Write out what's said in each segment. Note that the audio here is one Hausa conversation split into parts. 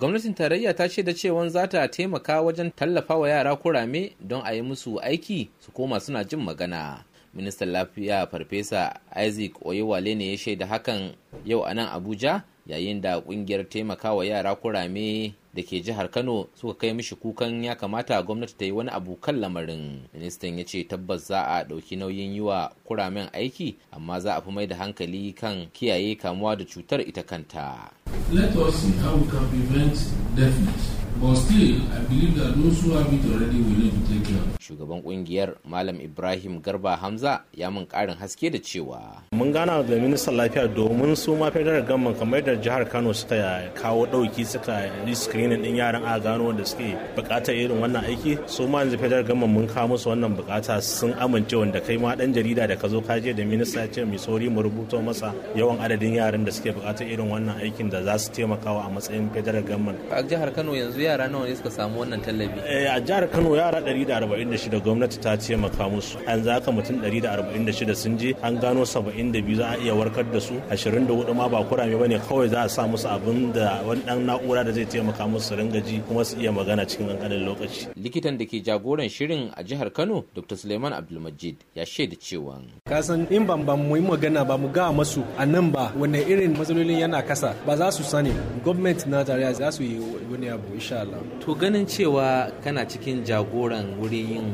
gwamnatin tarayya ta ce da cewan za ta taimaka wajen tallafa wa yara kurame don a yi musu aiki su koma suna jin magana ministan lafiya farfesa isaac oyewale ne ya shaida hakan yau a nan abuja yayin da kungiyar taimakawa yara kurame da ke jihar kano suka kai mishi kukan ya kamata gwamnati ta yi wani abu kan lamarin ministan ya ce tabbas za a ɗauki nauyin yiwa wa kuramen aiki amma za a fi mai da hankali kan kiyaye kamuwa da cutar ita kanta let us see how we can prevent deafness but still i believe that those who have it already will need to take care shugaban kungiyar malam ibrahim garba hamza ya mun karin haske da cewa mun gana da ministan lafiya domin su ma federal gamman kamar da jihar kano suka kawo dauki suka yi screening din yaran a gano wanda suke bukatar irin wannan aiki su ma yanzu federal gamman mun kawo musu wannan bukata sun amince wanda kai ma dan jarida da ka zo ka je da minista ce mai sauri mu rubuto masa yawan adadin yaran da suke bukatar irin wannan aikin da za su taimakawa a matsayin federal gamman a jihar kano yanzu yara nawa ne suka samu wannan tallafi eh, a jihar kano yara 146 da gwamnati ta ce maka musu an zaka mutum 146 sun je an gano 72 za a iya warkar da su 24 ma ba kurame bane kawai za a sa musu abin da wani dan na'ura da zai taimaka musu su ringa ji kuma su iya magana cikin kankanin lokaci likitan da ke jagoran shirin a jihar Kano Dr Suleiman Abdulmajid ya shaida cewa ka san in ban ban mu yi magana ba mu ga masu a nan ba wanne irin matsalolin yana kasa ba za su sani gwamnati na tarayya za su yi wani abu insha Allah to ganin cewa kana cikin jagoran wurin yin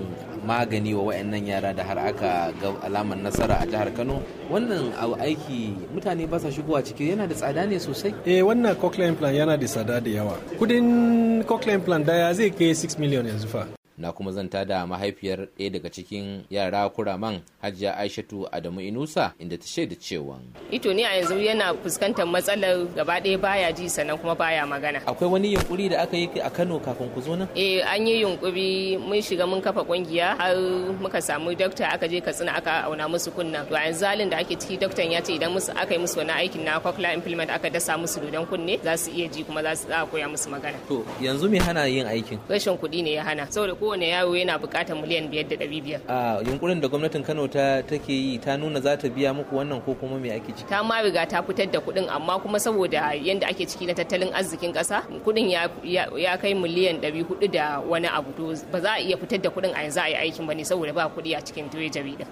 magani wa wayannan yara da har aka ga alamar nasara a jihar Kano wannan aiki mutane ba sa shigowa ciki yana da tsada ne sosai eh wannan cochlear implant yana da tsada da yawa kudin cochlear implant daya zai kai 6 million yanzu fa na kuma zanta da mahaifiyar ɗaya daga cikin yara kuraman hajiya aishatu adamu inusa inda ta shaida cewa ito ne a yanzu yana fuskantar matsalar gaba ɗaya baya ji sannan kuma baya magana akwai wani yunkuri da aka yi a kano kafin ku zo nan eh an yi yunkuri mun shiga mun kafa kungiya har muka samu dakta aka je katsina aka auna musu kunna to a yanzu halin da ake ciki daktan ya ce idan musu aka yi musu wani aikin na cochlear implant aka dasa musu dodon kunne za su iya ji kuma za su koya musu magana to yanzu me hana yin aikin rashin kuɗi ne ya hana saboda kowane yaro yana buƙatar miliyan biyar da ɗari biyar. a yunkurin da gwamnatin kano ta take yi ta nuna za ta biya muku wannan ko kuma me ake ciki. ta ma riga ta fitar da kuɗin amma kuma saboda yadda ake ciki na tattalin arzikin ƙasa kuɗin ya kai miliyan ɗari hudu da wani abu to ba za a iya fitar da kuɗin a yanzu a yi aikin ba ne saboda ba kuɗi a cikin tuwe jarida.